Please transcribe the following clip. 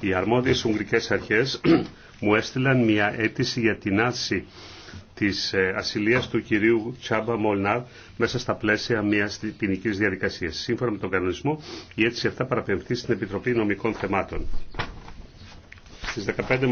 Οι αρμόδιες ουγγρικές αρχές μου έστειλαν μια αίτηση για την άση της ε, ασυλίας του κυρίου Τσάμπα Μολνάρ μέσα στα πλαίσια μιας ποινική διαδικασίας. Σύμφωνα με τον κανονισμό, η αίτηση αυτά παραπεμφθεί στην Επιτροπή Νομικών Θεμάτων. Στις 15